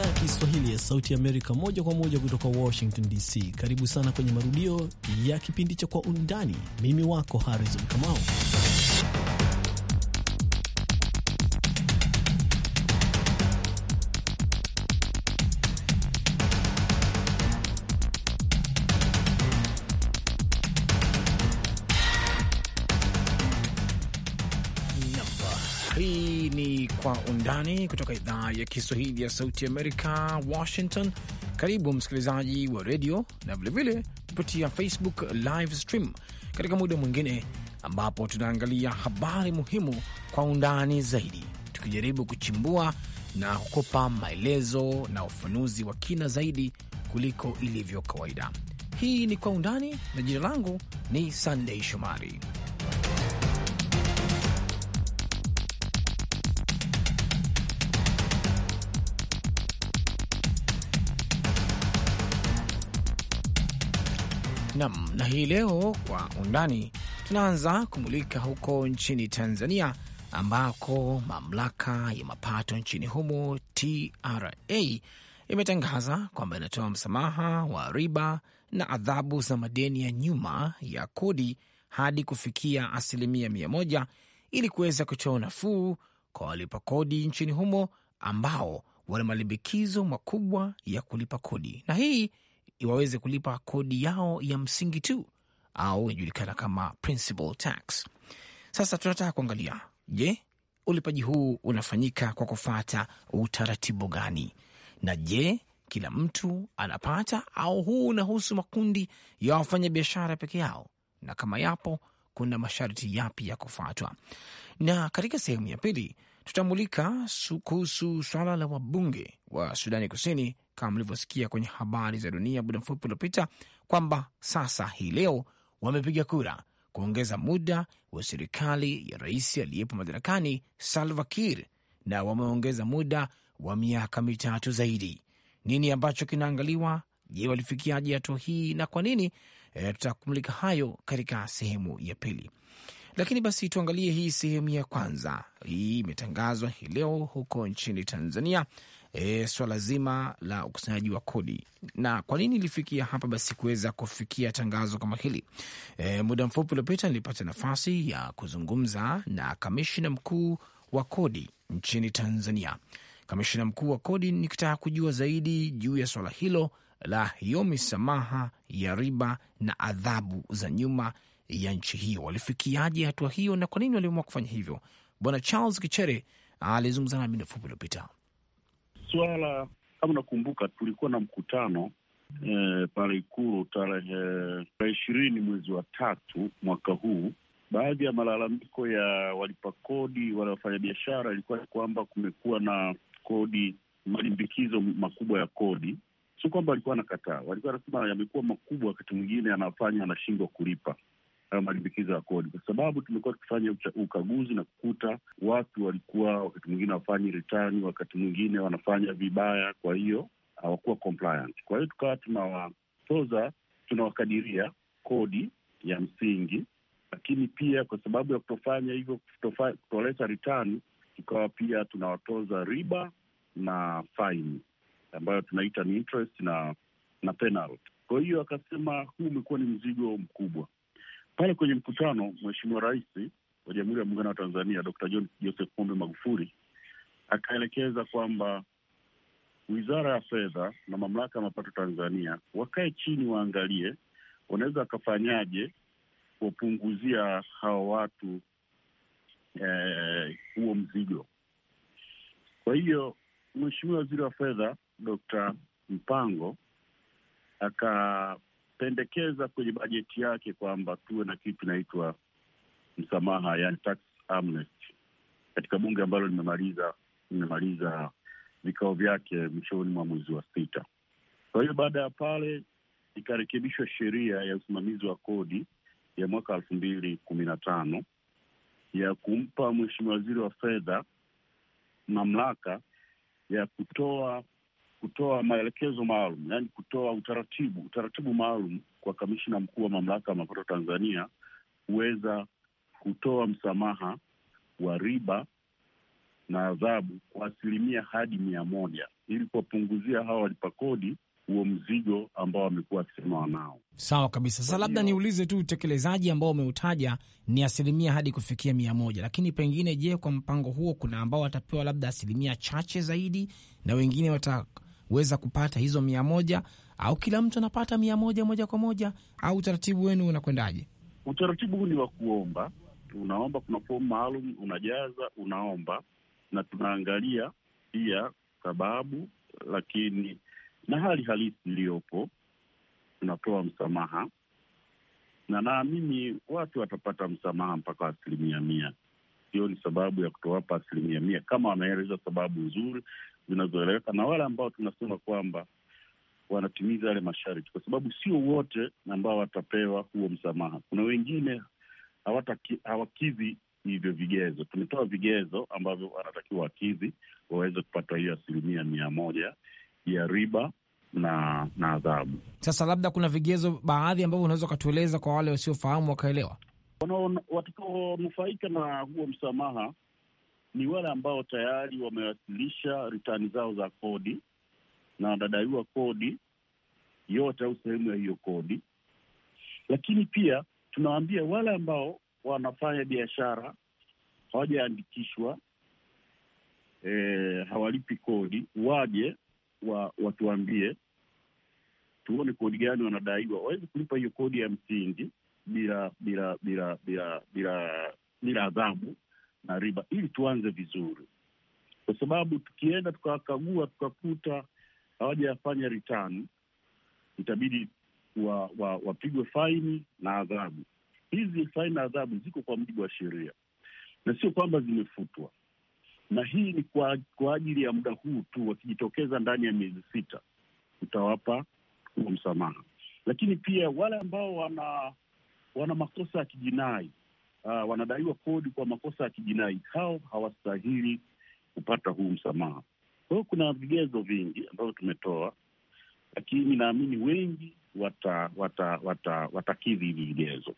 idhaa ya Kiswahili ya Sauti Amerika, moja kwa moja kutoka Washington DC. Karibu sana kwenye marudio ya kipindi cha Kwa Undani. Mimi wako Harrison Kamau. undani kutoka idhaa ya Kiswahili ya Sauti Amerika, Washington. Karibu msikilizaji wa redio na vilevile kupitia Facebook live stream katika muda mwingine ambapo tunaangalia habari muhimu kwa undani zaidi, tukijaribu kuchimbua na kukupa maelezo na ufanuzi wa kina zaidi kuliko ilivyo kawaida. Hii ni Kwa Undani, na jina langu ni Sandei Shomari. Nam. Na hii leo kwa undani tunaanza kumulika huko nchini Tanzania ambako mamlaka ya mapato nchini humo TRA imetangaza kwamba inatoa msamaha wa riba na adhabu za madeni ya nyuma ya kodi hadi kufikia asilimia mia moja ili kuweza kutoa unafuu kwa walipa kodi nchini humo ambao wana malimbikizo makubwa ya kulipa kodi, na hii waweze kulipa kodi yao ya msingi tu au inajulikana kama principal tax. Sasa tunataka kuangalia, je, ulipaji huu unafanyika kwa kufuata utaratibu gani? Na je, kila mtu anapata au huu unahusu makundi ya wafanyabiashara peke yao? Na kama yapo, kuna masharti yapi ya kufuatwa? Na katika sehemu ya pili tutamulika kuhusu swala la wabunge wa Sudani Kusini kama mlivyosikia kwenye habari za dunia muda mfupi uliopita kwamba sasa hii leo wamepiga kura kuongeza muda wa serikali ya rais aliyepo madarakani Salva Kiir, na wameongeza muda wa miaka mitatu zaidi. Nini ambacho kinaangaliwa? Je, walifikiaje hatua hii na kwa nini? E, tutakumulika hayo katika sehemu ya pili. Lakini basi tuangalie hii sehemu ya kwanza. Hii imetangazwa hii leo huko nchini Tanzania, e, swala zima la ukusanyaji wa kodi na kwa nini ilifikia hapa basi kuweza kufikia tangazo kama hili. E, muda mfupi uliopita nilipata nafasi ya kuzungumza na kamishna mkuu wa kodi nchini Tanzania. Kamishina mkuu wa kodi, nikitaka kujua zaidi juu ya swala hilo la hiyo misamaha ya riba na adhabu za nyuma ya nchi hiyo. Walifikiaje hatua hiyo na kwa nini waliamua kufanya hivyo? Bwana Charles Kichere alizungumza nami muda mfupi uliopita. Swala kama unakumbuka, tulikuwa na mkutano e, pale Ikulu tarehe ishirini mwezi wa tatu mwaka huu. Baadhi ya malalamiko ya walipa kodi, wale wafanyabiashara, ilikuwa ni kwamba kumekuwa na kodi, malimbikizo makubwa ya kodi. Sio kwamba walikuwa wanakataa, walikuwa wanasema yamekuwa makubwa, wakati mwingine anafanya anashindwa kulipa hayo malimbikizo ya kodi, kwa sababu tumekuwa tukifanya ukaguzi na kukuta watu walikuwa wakati mwingine wafanyi return, wakati mwingine wanafanya vibaya, kwa hiyo hawakuwa compliant. Kwa hiyo tukawa tunawatoza, tunawakadiria kodi ya msingi, lakini pia kwa sababu ya kutofanya hivyo, kutoleta return, tukawa pia tunawatoza riba na faini ambayo tunaita ni interest na na penalty. Kwa hiyo akasema huu umekuwa ni mzigo mkubwa, pale kwenye mkutano, Mheshimiwa Rais wa Jamhuri ya Muungano wa Tanzania Dr. John Joseph Pombe Magufuli akaelekeza kwamba Wizara ya Fedha na Mamlaka ya Mapato Tanzania wakae chini, waangalie wanaweza wakafanyaje kuwapunguzia hawa watu eh, huo mzigo. Kwa hiyo Mheshimiwa Waziri wa Fedha Dkt. Mpango aka pendekeza kwenye bajeti yake kwamba tuwe na kitu inaitwa msamaha, yani tax amnesty, katika bunge ambalo limemaliza limemaliza vikao vyake mwishoni mwa mwezi wa sita. Kwa hiyo baada ya pale ikarekebishwa sheria ya usimamizi wa kodi ya mwaka elfu mbili kumi na tano ya kumpa mheshimiwa waziri wa fedha mamlaka ya kutoa kutoa maelekezo maalum, yaani kutoa utaratibu utaratibu maalum kwa kamishina mkuu wa mamlaka ya mapato Tanzania kuweza kutoa msamaha wa riba na adhabu kwa asilimia hadi mia moja ili kuwapunguzia hawa walipa kodi huo mzigo ambao wamekuwa wakisema wanao. Sawa kabisa. Sasa labda niulize tu, utekelezaji ambao umeutaja ni asilimia hadi kufikia mia moja, lakini pengine, je, kwa mpango huo kuna ambao watapewa labda asilimia chache zaidi na wengine wata kuweza kupata hizo mia moja au kila mtu anapata mia moja moja kwa moja au utaratibu wenu unakwendaje? Utaratibu huu ni wa kuomba, unaomba. Kuna fomu maalum unajaza, unaomba, na tunaangalia pia sababu, lakini na hali halisi iliyopo, tunatoa msamaha na naamini watu watapata msamaha mpaka asilimia mia. Hiyo ni sababu ya kutowapa asilimia mia, kama wanaeleza sababu nzuri zinazoeleweka na wale ambao tunasema kwamba wanatimiza yale masharti, kwa sababu sio wote ambao watapewa huo msamaha. Kuna wengine hawakidhi hivyo vigezo. Tumetoa vigezo ambavyo wanatakiwa wakidhi waweze kupata hiyo asilimia mia moja ya riba na na adhabu. Sasa labda kuna vigezo baadhi ambavyo unaweza ukatueleza kwa wale wasiofahamu wakaelewa, watakaonufaika na huo msamaha ni wale ambao tayari wamewasilisha ritani zao za kodi na wanadaiwa kodi yote au sehemu ya hiyo kodi. Lakini pia tunawaambia wale ambao wanafanya biashara hawajaandikishwa, e, hawalipi kodi, waje wa, watuambie tuone kodi gani wanadaiwa, waweze kulipa hiyo kodi ya msingi bila bila bila bila bila bila adhabu na riba ili tuanze vizuri, kwa sababu tukienda tukawakagua tukakuta hawajayafanya return, itabidi wapigwe wa, wa faini na adhabu. Hizi faini na adhabu ziko kwa mujibu wa sheria na sio kwamba zimefutwa, na hii ni kwa, kwa ajili ya muda huu tu. Wakijitokeza ndani ya miezi sita, utawapa huo msamaha, lakini pia wale ambao wana wana makosa ya kijinai uh, wanadaiwa kodi kwa makosa ya kijinai, hao hawastahili kupata huu msamaha. Kwa hiyo kuna vigezo vingi ambavyo tumetoa, lakini naamini wengi watakidhi wata, wata, wata hivi vigezo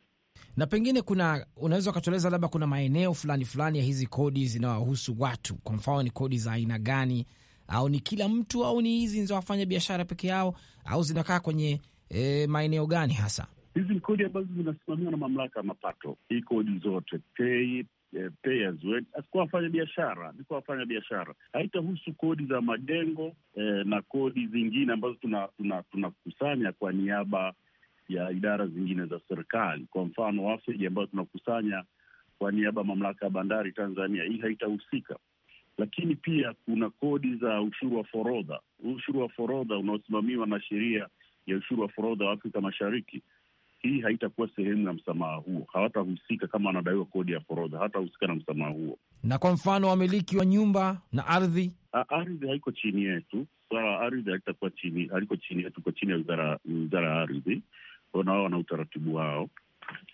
na pengine kuna unaweza ukatueleza labda kuna maeneo fulani fulani ya hizi kodi zinawahusu watu, kwa mfano ni kodi za aina gani? Au ni kila mtu, au ni hizi zinazowafanya biashara peke yao, au zinakaa kwenye e, maeneo gani hasa? Hizi ni kodi ambazo zinasimamiwa na mamlaka ya mapato. Hii kodi zote pay, eh, kwa wafanya biashara ni kwa wafanya biashara, haitahusu kodi za majengo eh, na kodi zingine ambazo tunakusanya tuna, tuna kwa niaba ya idara zingine za serikali, kwa mfano wafeji ambayo tunakusanya kwa niaba ya mamlaka ya bandari Tanzania, hii haitahusika. Lakini pia kuna kodi za ushuru wa forodha. Ushuru wa forodha unaosimamiwa na sheria ya ushuru wa forodha wa Afrika Mashariki hii haitakuwa sehemu ya msamaha huo, hawatahusika kama wanadaiwa kodi ya forodha, hawatahusika na msamaha huo. Na kwa mfano wamiliki wa nyumba na ardhi, ardhi haiko chini yetu, swala ardhi halitakuwa chini, haliko chini yetu, iko chini ya wizara ya ardhi, wao wana utaratibu wao.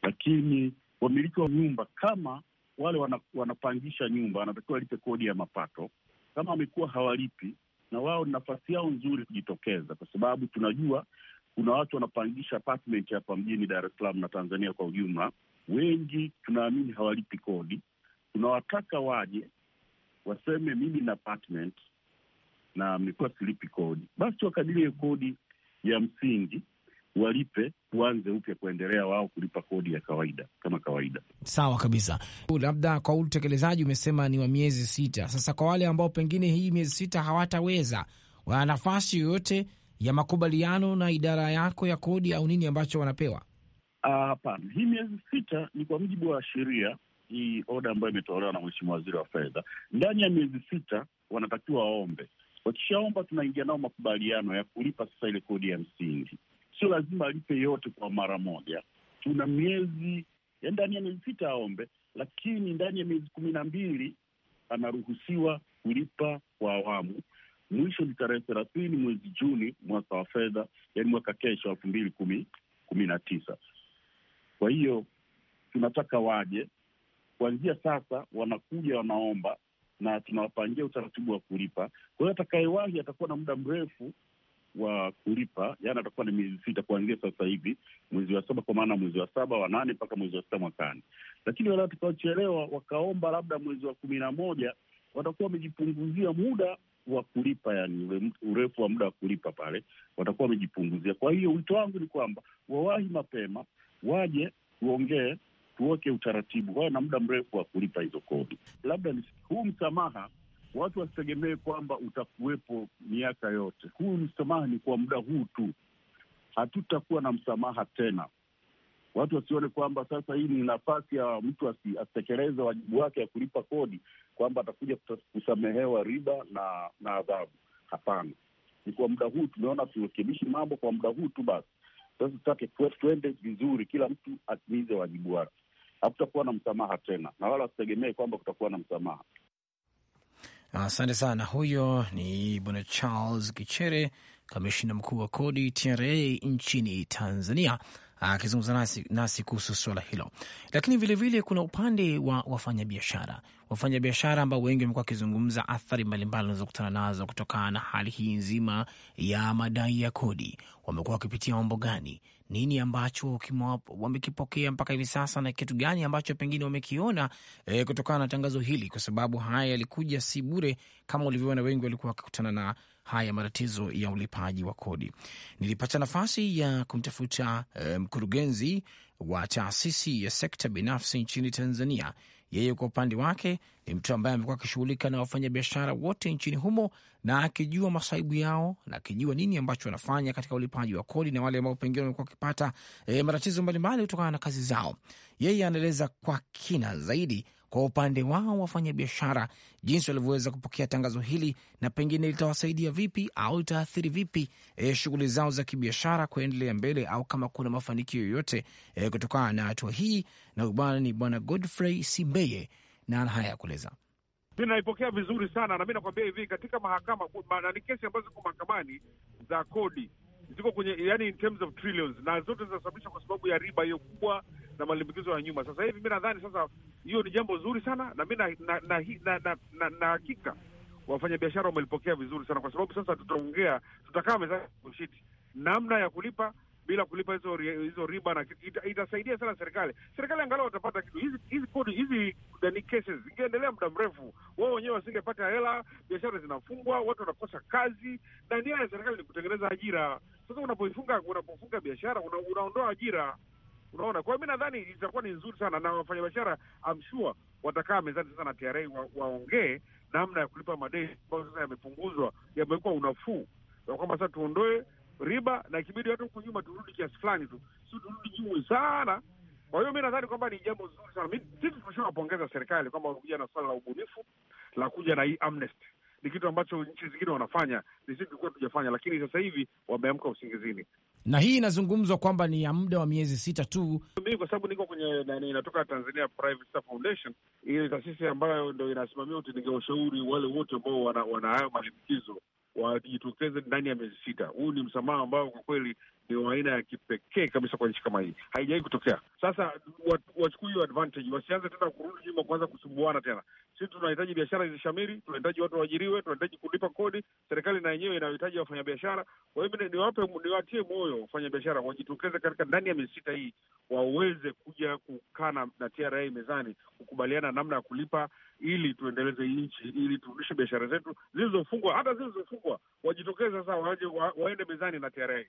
Lakini wamiliki wa nyumba kama wale wana, wanapangisha nyumba wanatakiwa walipe kodi ya mapato. Kama wamekuwa hawalipi, na wao ni nafasi yao nzuri kujitokeza, kwa sababu tunajua kuna watu wanapangisha apartment hapa mjini Dar es Salaam na Tanzania kwa ujumla, wengi tunaamini hawalipi kodi. Tunawataka waje waseme mimi na apartment na mmekuwa silipi kodi, basi wakadilie kodi ya msingi walipe tuanze upya kuendelea wao kulipa kodi ya kawaida kama kawaida. Sawa kabisa. Labda kwa utekelezaji umesema ni wa miezi sita. Sasa kwa wale ambao pengine hii miezi sita hawataweza, wana nafasi yoyote ya makubaliano na idara yako ya kodi au nini ambacho wanapewa? Hapana, uh, hii miezi sita ni kwa mujibu wa sheria hii oda ambayo imetolewa na mheshimiwa waziri wa fedha. Ndani ya miezi sita wanatakiwa waombe. Wakishaomba tunaingia nao makubaliano ya kulipa sasa ile kodi ya msingi. Sio lazima alipe yote kwa mara moja, tuna miezi ndani ya miezi sita aombe, lakini ndani ya miezi kumi na mbili anaruhusiwa kulipa kwa awamu Mwisho ni tarehe thelathini mwezi Juni mwaka wa fedha, yani mwaka kesho elfu mbili kumi kumi na tisa. Kwa hiyo tunataka waje kuanzia sasa, wanakuja wanaomba na tunawapangia utaratibu wa kulipa. Kwa hiyo atakayewahi atakuwa na muda mrefu wa kulipa, yani atakuwa na miezi sita kuanzia sasa hivi mwezi wa saba, kwa maana mwezi wa saba wa nane mpaka mwezi wa sita mwakani. Lakini wale watakaochelewa wakaomba labda mwezi wa kumi na moja watakuwa wamejipunguzia muda wa kulipa, yani ule urefu wa muda wa kulipa pale watakuwa wamejipunguzia. Kwa hiyo wito wangu ni kwamba wawahi mapema, waje tuongee, tuweke utaratibu, wawe na muda mrefu wa kulipa hizo kodi. Labda ni huu msamaha, watu wasitegemee kwamba utakuwepo miaka yote. Huu msamaha ni kwa muda huu tu, hatutakuwa na msamaha tena. Watu wasione kwamba sasa hii ni nafasi ya mtu asitekeleze wajibu wake ya kulipa kodi, kwamba atakuja kusamehewa riba na na adhabu. Hapana, ni kwa muda huu tumeona turekebishi mambo kwa muda huu tu basi. Sasa tutake tuende vizuri, kila mtu atimize wajibu wake. Hakutakuwa na msamaha tena, na wala wasitegemee kwamba kutakuwa na msamaha. Asante sana. Huyo ni bwana Charles Kichere, kamishina mkuu wa kodi TRA nchini Tanzania akizungumza nasi, nasi kuhusu swala hilo. Lakini vilevile vile kuna upande wa wafanyabiashara, wafanyabiashara ambao wengi wamekuwa wakizungumza athari mbalimbali wanazokutana nazo kutokana na hali hii nzima ya madai ya kodi. Wamekuwa wakipitia mambo gani? nini ambacho wamekipokea mpaka hivi sasa na kitu gani ambacho pengine wamekiona e, kutokana na tangazo hili, kwa sababu haya yalikuja si bure kama ulivyoona, wengi walikuwa wakikutana na haya matatizo ya ulipaji wa kodi. Nilipata nafasi ya kumtafuta e, mkurugenzi wa taasisi ya sekta binafsi nchini Tanzania yeye kwa upande wake ni mtu ambaye amekuwa akishughulika na wafanyabiashara wote nchini humo na akijua masaibu yao na akijua nini ambacho wanafanya katika ulipaji wa kodi na wale ambao pengine wamekuwa wakipata e, matatizo mbalimbali kutokana na kazi zao. Yeye anaeleza kwa kina zaidi kwa upande wao wafanyabiashara, jinsi walivyoweza kupokea tangazo hili na pengine litawasaidia vipi au litaathiri vipi e, shughuli zao za kibiashara kuendelea mbele au kama kuna mafanikio yoyote e, kutokana na hatua hii. Na bwana ni Bwana Godfrey Simbeye na haya ya kueleza. Mi naipokea vizuri sana na mi nakwambia hivi, katika mahakama ni kesi ambazo ziko mahakamani za kodi ziko kwenye yani in terms of trillions, na zote zinasababishwa kwa sababu ya riba hiyo kubwa na malimbikizo ya nyuma. Sasa hivi mi nadhani sasa hiyo ni jambo zuri sana, na mi na na na na, na, na, na hakika wafanyabiashara wamelipokea vizuri sana, kwa sababu sasa tutaongea, tutakaa mezani namna ya kulipa bila kulipa hizo hizo riba na ita, itasaidia sana serikali. Serikali angalau watapata kitu. Hizi hizi kodi hizi ndani cases zingeendelea muda mrefu, wao wenyewe wasingepata hela, biashara zinafungwa, watu wanakosa kazi, na nia ya serikali ni kutengeneza ajira. Sasa unapoifunga unapofunga biashara una, unaondoa ajira, unaona. Kwa hiyo mi nadhani itakuwa ni nzuri sana, na wafanyabiashara I'm sure watakaa mezani sasa na TRA wa, waongee namna ya kulipa madeni ambayo sasa yamepunguzwa, yamekuwa unafuu, ya kwamba sasa tuondoe riba na ikibidi hata huko nyuma turudi kiasi fulani tu, si turudi juu sana. Kwa hiyo mi nadhani kwamba ni jambo zuri sana. Sisi tushawapongeza serikali kwamba wamekuja na swala la ubunifu la kuja na hii amnesty. Ni kitu ambacho nchi zingine wanafanya, ni sisi tulikuwa tujafanya, lakini sasa hivi wameamka usingizini, na hii inazungumzwa kwamba ni ya muda wa miezi sita tu. Mimi kwa sababu niko kwenye nani, inatoka Tanzania Private Sector Foundation, ile taasisi ambayo ndo inasimamia utendaji wa ushauri wale wote ambao wana hayo malimbikizo wajitokeze ndani ya miezi sita. Huu ni msamaha ambao kwa kweli ni wa aina ya kipekee kabisa kwa nchi kama hii, haijawahi kutokea. Sasa wachukue hiyo advantage, wasianze tena kurudi nyuma, kuanza kusumbuana tena. Sisi tunahitaji biashara zishamiri, tunahitaji watu waajiriwe, tunahitaji kulipa kodi, serikali na yenyewe inahitaji wafanyabiashara. Kwa hivyo niwape, niwatie moyo wafanyabiashara, wajitokeze katika ndani ya miezi sita hii, waweze kuja kukaa na TRA mezani, kukubaliana namna ya kulipa ili tuendeleze hii nchi, ili turudishe biashara zetu zilizofungwa, hata zilizofungwa wajitokeze sasa, waende mezani na TRA.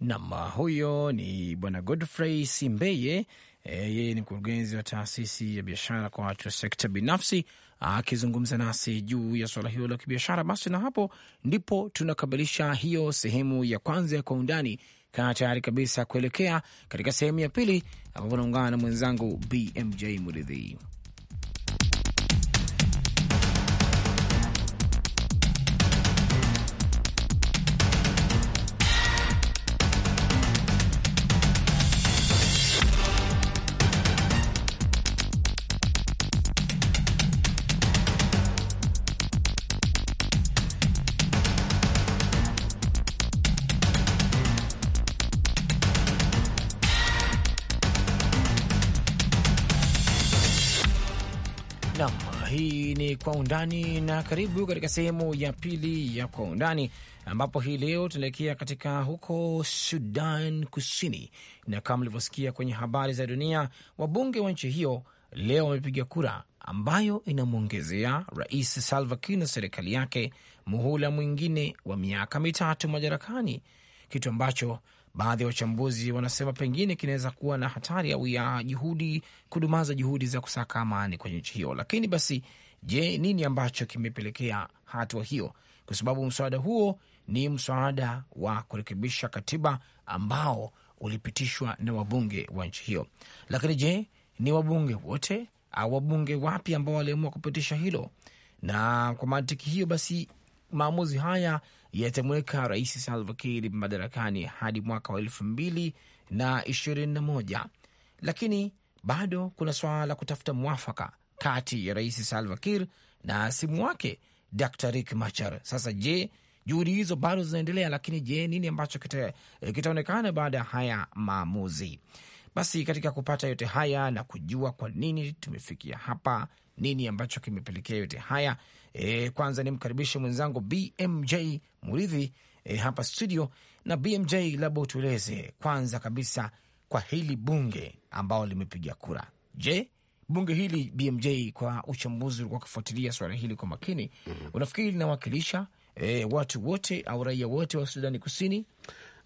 Nam, huyo ni bwana Godfrey Simbeye. Yeye ni mkurugenzi wa taasisi ya biashara kwa watu wa sekta binafsi akizungumza nasi juu ya suala hilo la kibiashara. Basi na hapo ndipo tunakamilisha hiyo sehemu ya kwanza ya Kwa Undani. Kaa tayari kabisa kuelekea katika sehemu ya pili ambapo naungana na mwenzangu BMJ Muridhi. kwa undani, na karibu katika sehemu ya pili ya kwa undani, ambapo hii leo tunaelekea katika huko Sudan Kusini, na kama mlivyosikia kwenye habari za dunia, wabunge wa nchi hiyo leo wamepiga kura ambayo inamwongezea Rais Salva Kiir na serikali yake muhula mwingine wa miaka mitatu madarakani, kitu ambacho baadhi ya wachambuzi wanasema pengine kinaweza kuwa na hatari au ya juhudi kudumaza juhudi za kusaka amani kwenye nchi hiyo. Lakini basi Je, nini ambacho kimepelekea hatua hiyo? Kwa sababu mswada huo ni mswada wa kurekebisha katiba ambao ulipitishwa na wabunge wa nchi hiyo. Lakini je, ni wabunge wote au wabunge wapi ambao waliamua kupitisha hilo? Na kwa mantiki hiyo basi maamuzi haya yatamweka Rais Salva Kiir madarakani hadi mwaka wa elfu mbili na ishirini na moja, lakini bado kuna swala la kutafuta mwafaka kati ya Rais Salva Kiir na simu wake Dr Riek Machar. Sasa je, juhudi hizo bado zinaendelea, lakini je, nini ambacho eh, kitaonekana kita baada ya haya maamuzi? Basi katika kupata yote haya na kujua kwa nini tumefikia hapa, nini ambacho kimepelekea yote haya e, kwanza nimkaribishe mwenzangu BMJ Muridhi e, hapa studio. Na BMJ, labda utueleze kwanza kabisa kwa hili bunge ambao limepiga kura, je, bunge hili BMJ, kwa uchambuzi ulikuwa kufuatilia swala hili kwa makini mm -hmm. unafikiri linawakilisha e, watu wote au raia wote wa Sudani Kusini?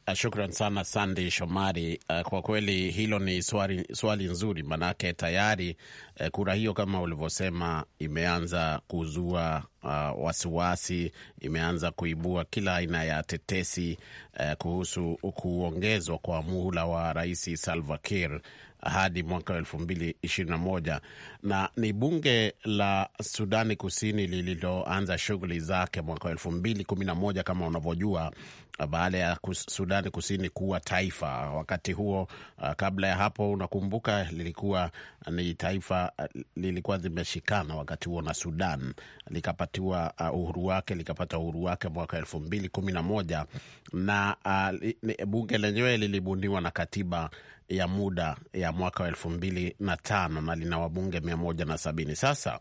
Ah, shukran sana Sandi Shomari. Ah, kwa kweli hilo ni swali, swali nzuri, manake tayari eh, kura hiyo kama ulivyosema imeanza kuzua uh, wasiwasi, imeanza kuibua kila aina ya tetesi uh, kuhusu kuongezwa kwa muhula wa Rais Salva Kiir hadi mwaka wa elfu mbili ishirini na moja na ni bunge la Sudani Kusini lililoanza shughuli zake mwaka wa elfu mbili kumi na moja kama unavyojua, baada ya Sudani Kusini kuwa taifa. Wakati huo uh, kabla ya hapo, unakumbuka, lilikuwa uh, ni taifa, uh, lilikuwa zimeshikana wakati huo na Sudan, likapatiwa uhuru wake, likapata uhuru wake mwaka elfu mbili kumi na moja na uh, bunge lenyewe lilibuniwa na katiba ya muda ya mwaka wa elfu mbili na tano na lina wabunge mia moja na sabini. Sasa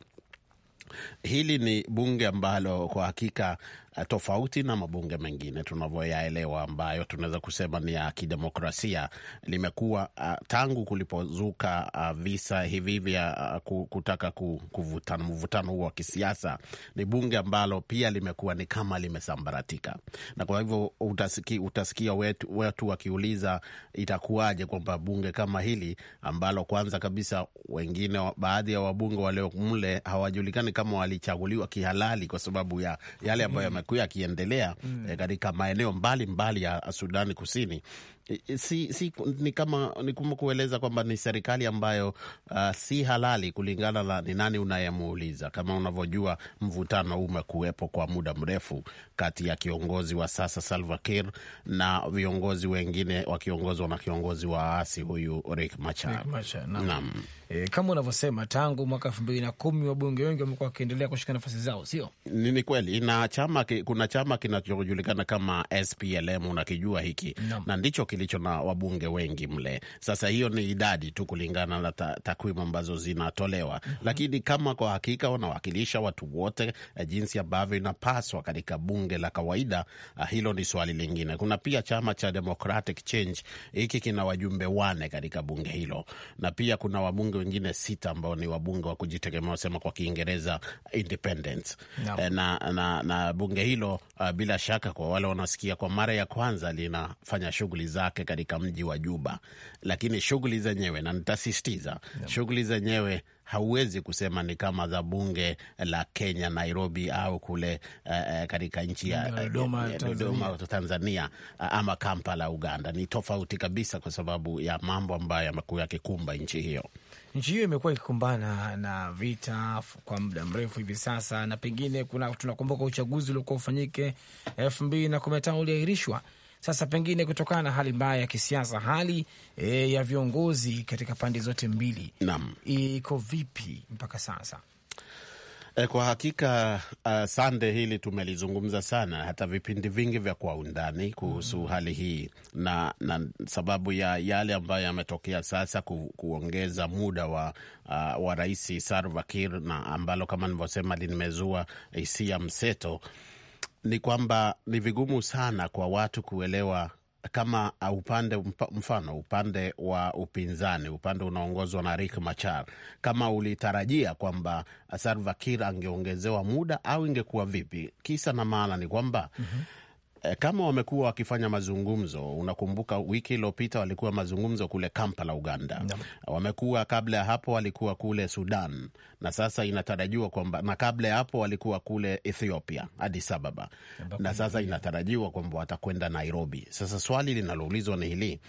hili ni bunge ambalo kwa hakika Eh, tofauti na mabunge mengine tunavyoyaelewa, ambayo tunaweza kusema ni ya kidemokrasia, limekuwa uh, tangu kulipozuka uh, visa hivi vya uh, kutaka kuvutana mvutano huo wa kisiasa, ni bunge ambalo pia limekuwa ni kama limesambaratika, na kwa hivyo utasiki, utasikia wetu, wetu wakiuliza itakuwaje kwamba bunge kama hili ambalo kwanza kabisa wengine baadhi ya wabunge walio mle hawajulikani kama walichaguliwa kihalali kwa sababu ya yale ambayo mm. -hmm yamekuwa yakiendelea mm. Eh, katika maeneo mbalimbali mbali ya Sudani Kusini si, si, ni kama ni kama kueleza kwamba ni serikali ambayo uh, si halali kulingana na ni nani unayemuuliza. Kama unavyojua, mvutano huu umekuwepo kwa muda mrefu kati ya kiongozi wa sasa Salva Kiir na viongozi wengine wakiongozwa na kiongozi wa waasi huyu Riek Machar. Naam, e, kama unavyosema tangu mwaka elfu mbili na kumi wabunge wengi wamekuwa wakiendelea kushika nafasi zao, sio ni ni kweli? Na chama kuna chama kinachojulikana kama SPLM, unakijua hiki na ndicho kilicho na wabunge wengi mle. Sasa hiyo ni idadi tu kulingana na ta, takwimu ambazo zinatolewa mm -hmm. Lakini kama kwa hakika wanawakilisha watu wote eh, jinsi ambavyo inapaswa katika bunge la kawaida, ah, hilo ni swali lingine. Kuna pia chama cha Democratic Change, hiki kina wajumbe wane katika bunge hilo, na pia kuna wabunge wengine sita ambao ni wabunge wa kujitegemea, wasema kwa Kiingereza independent no. Eh, na, na, na bunge hilo ah, bila shaka, kwa wale wanasikia kwa mara ya kwanza linafanya shughuli za lake katika mji wa Juba, lakini shughuli zenyewe, na nitasisitiza shughuli zenyewe hauwezi kusema ni kama za bunge la Kenya Nairobi, au kule uh, katika nchi ya Dodoma uh, Tanzania, Tanzania uh, ama Kampala Uganda. Ni tofauti kabisa, kwa sababu ya mambo ambayo yamekuwa yakikumba nchi hiyo. Nchi hiyo imekuwa ikikumbana na vita kwa muda mrefu hivi sasa, na pengine kuna tunakumbuka uchaguzi uliokuwa ufanyike elfu mbili na kumi na tano uliahirishwa sasa pengine kutokana na hali mbaya ya kisiasa, hali e, ya viongozi katika pande zote mbili iko vipi mpaka sasa? E, kwa hakika uh, sande hili tumelizungumza sana, hata vipindi vingi vya kwa undani kuhusu mm. hali hii na, na sababu ya yale ambayo yametokea sasa ku, kuongeza muda wa, uh, wa Rais Salva Kiir na ambalo kama nilivyosema limezua hisia mseto ni kwamba ni vigumu sana kwa watu kuelewa kama uh, upande mfano upande wa upinzani upande unaongozwa na Riek Machar, kama ulitarajia kwamba uh, Salva Kiir angeongezewa muda au ingekuwa vipi? Kisa na maana ni kwamba mm -hmm. Eh, kama wamekuwa wakifanya mazungumzo, unakumbuka wiki iliyopita walikuwa mazungumzo kule Kampala, Uganda. Ndam. Wamekuwa kabla ya hapo walikuwa kule Sudan, na sasa inatarajiwa kwamba, na kabla ya hapo walikuwa kule Ethiopia, Addis Ababa, na sasa inatarajiwa kwamba watakwenda Nairobi. Sasa swali linaloulizwa ni hili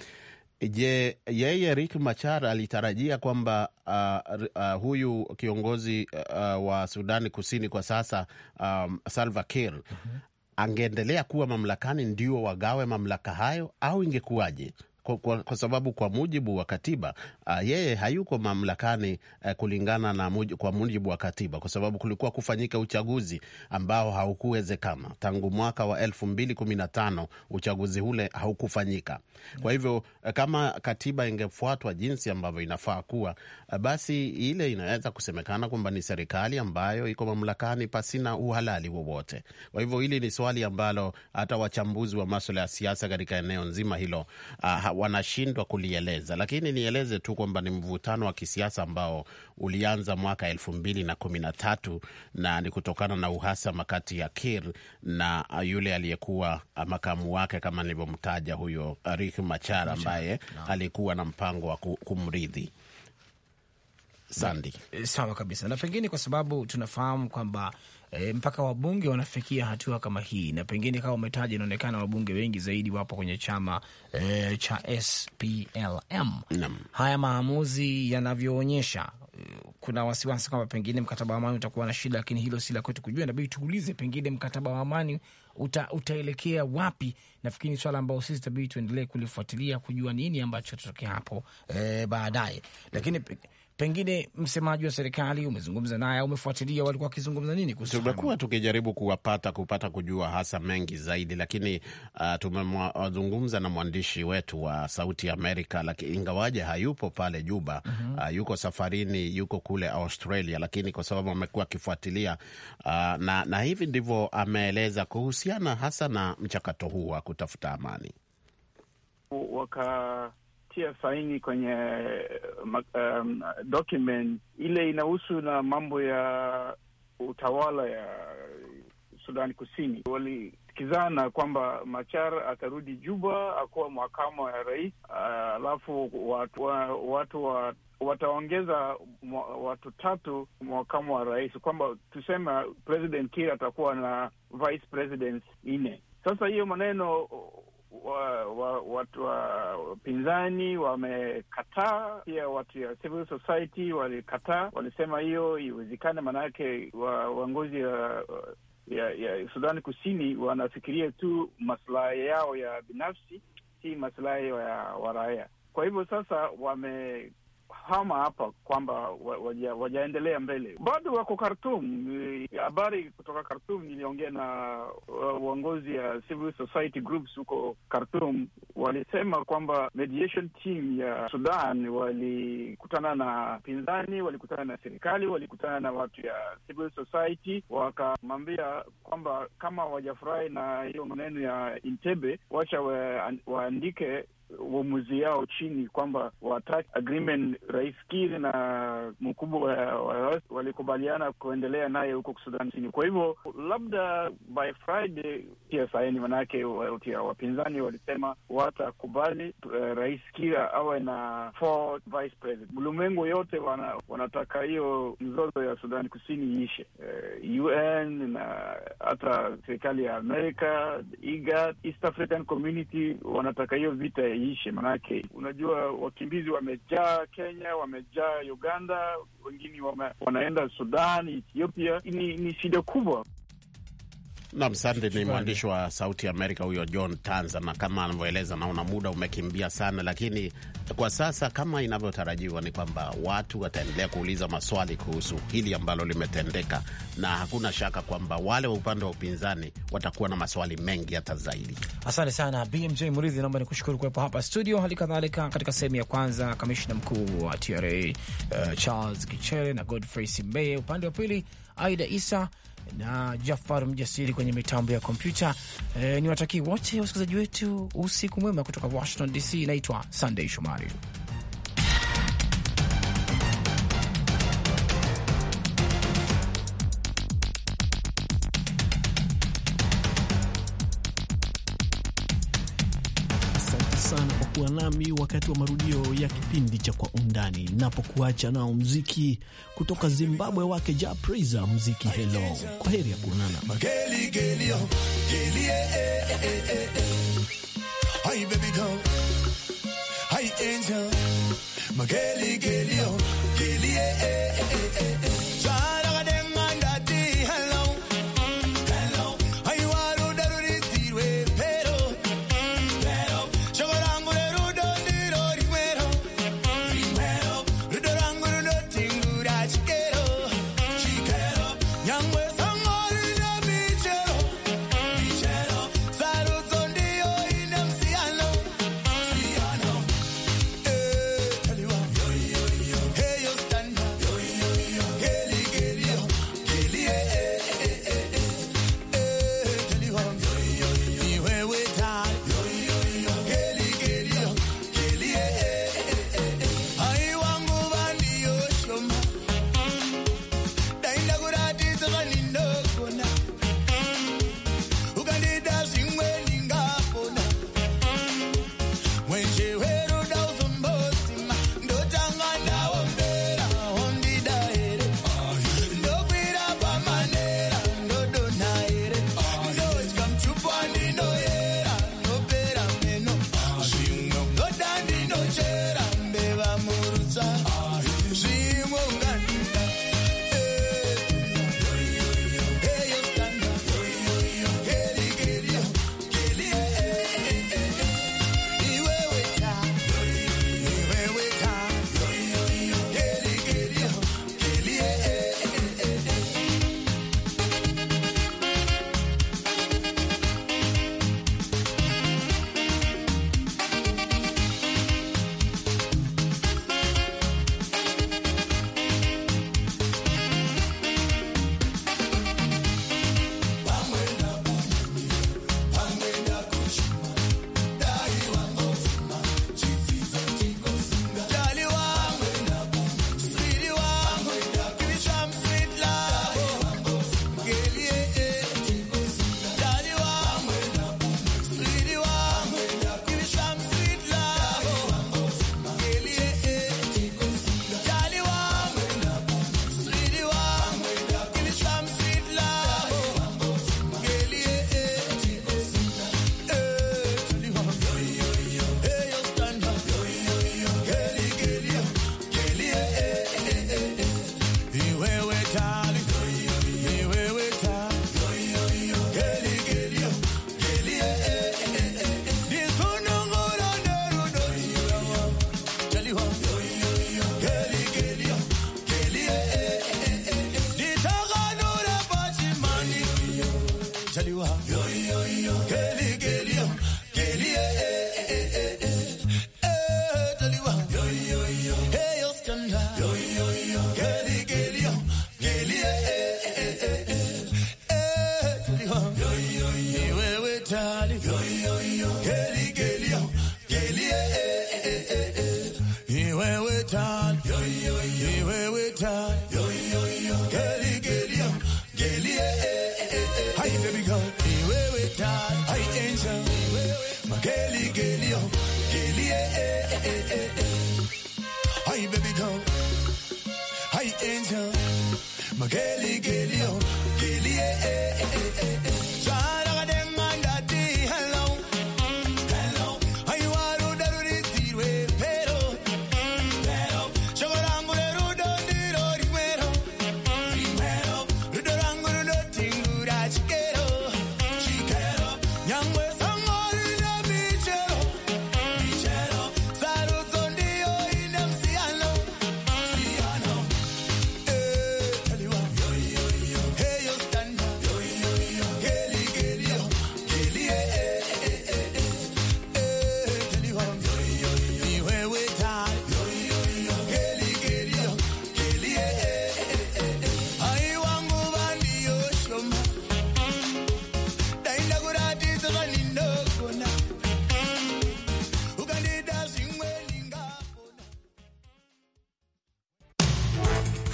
Je, yeye Rik Machar alitarajia kwamba uh, uh, huyu kiongozi uh, wa Sudani Kusini kwa sasa um, Salva Kiir mm -hmm angeendelea kuwa mamlakani ndio wagawe mamlaka hayo au ingekuwaje? kwa, kwa, kwa sababu kwa mujibu wa katiba uh, yeye hayuko mamlakani uh, kulingana na muj, kwa mujibu wa katiba, kwa sababu kulikuwa kufanyika uchaguzi ambao haukuwezekana tangu mwaka wa elfu mbili kumi na tano uchaguzi ule haukufanyika. Kwa hivyo eh, kama katiba ingefuatwa jinsi ambavyo inafaa kuwa, eh, basi ile inaweza kusemekana kwamba ni serikali ambayo iko mamlakani pasina uhalali wowote. Kwa hivyo hili ni swali ambalo hata wachambuzi wa maswala ya siasa katika eneo nzima hilo uh, wanashindwa kulieleza, lakini nieleze tu kwamba ni mvutano wa kisiasa ambao ulianza mwaka elfu mbili na kumi na tatu na ni kutokana na uhasama kati ya Kir na yule aliyekuwa makamu wake kama nilivyomtaja huyo Rik Machar ambaye no. alikuwa na mpango wa kumrithi Sandi. Sawa kabisa, na pengine kwa sababu tunafahamu kwamba e, mpaka wabunge wanafikia hatua kama hii, na pengine kama umetaja, inaonekana wabunge wengi zaidi wapo kwenye chama e, cha SPLM. Nam. Haya maamuzi yanavyoonyesha e, kuna wasiwasi kwamba pengine mkataba wa amani utakuwa na shida, lakini hilo si la kwetu kujua. Inabidi tuulize pengine mkataba wa amani uta, utaelekea wapi. Nafikiri ni swala ambao sisi tabidi tuendelee kulifuatilia kujua nini ambacho tutokea hapo e, baadaye, lakini pengine msemaji wa serikali umezungumza naye, umefuatilia walikuwa wakizungumza nini? Tumekuwa tukijaribu kuwapata kupata kujua hasa mengi zaidi, lakini uh, tumezungumza na mwandishi wetu wa Sauti Amerika, lakini ingawaje hayupo pale Juba mhm. uh, yuko safarini, yuko kule Australia, lakini kwa sababu amekuwa akifuatilia uh, na, na hivi ndivyo ameeleza kuhusiana hasa na mchakato huu wa kutafuta amani waka kutia saini kwenye um, document ile inahusu na mambo ya utawala ya Sudani Kusini walisikizana kwamba Machar atarudi Juba akuwa mwakama wa rais, alafu watu, watu wa wataongeza watu tatu mwakamu wa rais, kwamba tuseme President kir atakuwa na vice president nne. Sasa hiyo maneno watu wapinzani wa, wa, wamekataa, pia watu ya civil society walikataa, walisema hiyo iwezekane, maanayake waongozi wa ya, ya Sudani Kusini wanafikiria tu maslahi yao ya binafsi, si masilahi ya waraia. Kwa hivyo sasa wame hama hapa kwamba waja, wajaendelea mbele, bado wako Khartum. Eh, habari kutoka Khartum, niliongea na eh, uongozi ya civil society groups huko Khartum, walisema kwamba mediation team ya Sudan walikutana na pinzani, walikutana na serikali, walikutana na watu ya civil society, wakamwambia kwamba kama wajafurahi na hiyo maneno ya Intebe, wacha waandike uamuzi yao chini kwamba wataki agreement Rais Kiir na mkubwa wa walikubaliana kuendelea naye huko Sudan Kusini. Kwa hivyo labda by Friday tia saini, manake watia wapinzani walisema watakubali uh, Rais Kiir awe na four vice president. Ulimwengu yote wana, wanataka hiyo mzozo ya Sudan Kusini iishe. Uh, eh, UN na hata serikali ya Amerika, IGAD, East African Community wanataka hiyo vita iishe, maanake unajua wakimbizi wamejaa Kenya, wamejaa Uganda, wengine wame, wanaenda Sudan, Ethiopia. Ni, ni shida kubwa. Nam Sande ni mwandishi wa Sauti ya Amerika huyo John Tanza, na kama anavyoeleza, naona muda umekimbia sana, lakini kwa sasa kama inavyotarajiwa ni kwamba watu wataendelea kuuliza maswali kuhusu hili ambalo limetendeka, na hakuna shaka kwamba wale wa upande wa upinzani watakuwa na maswali mengi hata zaidi. Asante sana BMJ Murithi, naomba nikushukuru kuwepo hapa studio. Hali kadhalika katika sehemu ya kwanza, kamishna mkuu wa TRA uh, Charles Kichere na Godfrey Simbeye, upande wa pili Aida Isa na Jafar Mjasiri kwenye mitambo ya kompyuta. E, ni watakii wote wasikilizaji wetu usiku mwema kutoka Washington DC. inaitwa Sunday Shomari. kuwa nami wakati wa marudio ya kipindi cha Kwa Undani, napokuacha nao mziki kutoka Zimbabwe wake Ja Priza, mziki Hello. Kwa heri ya kuonana.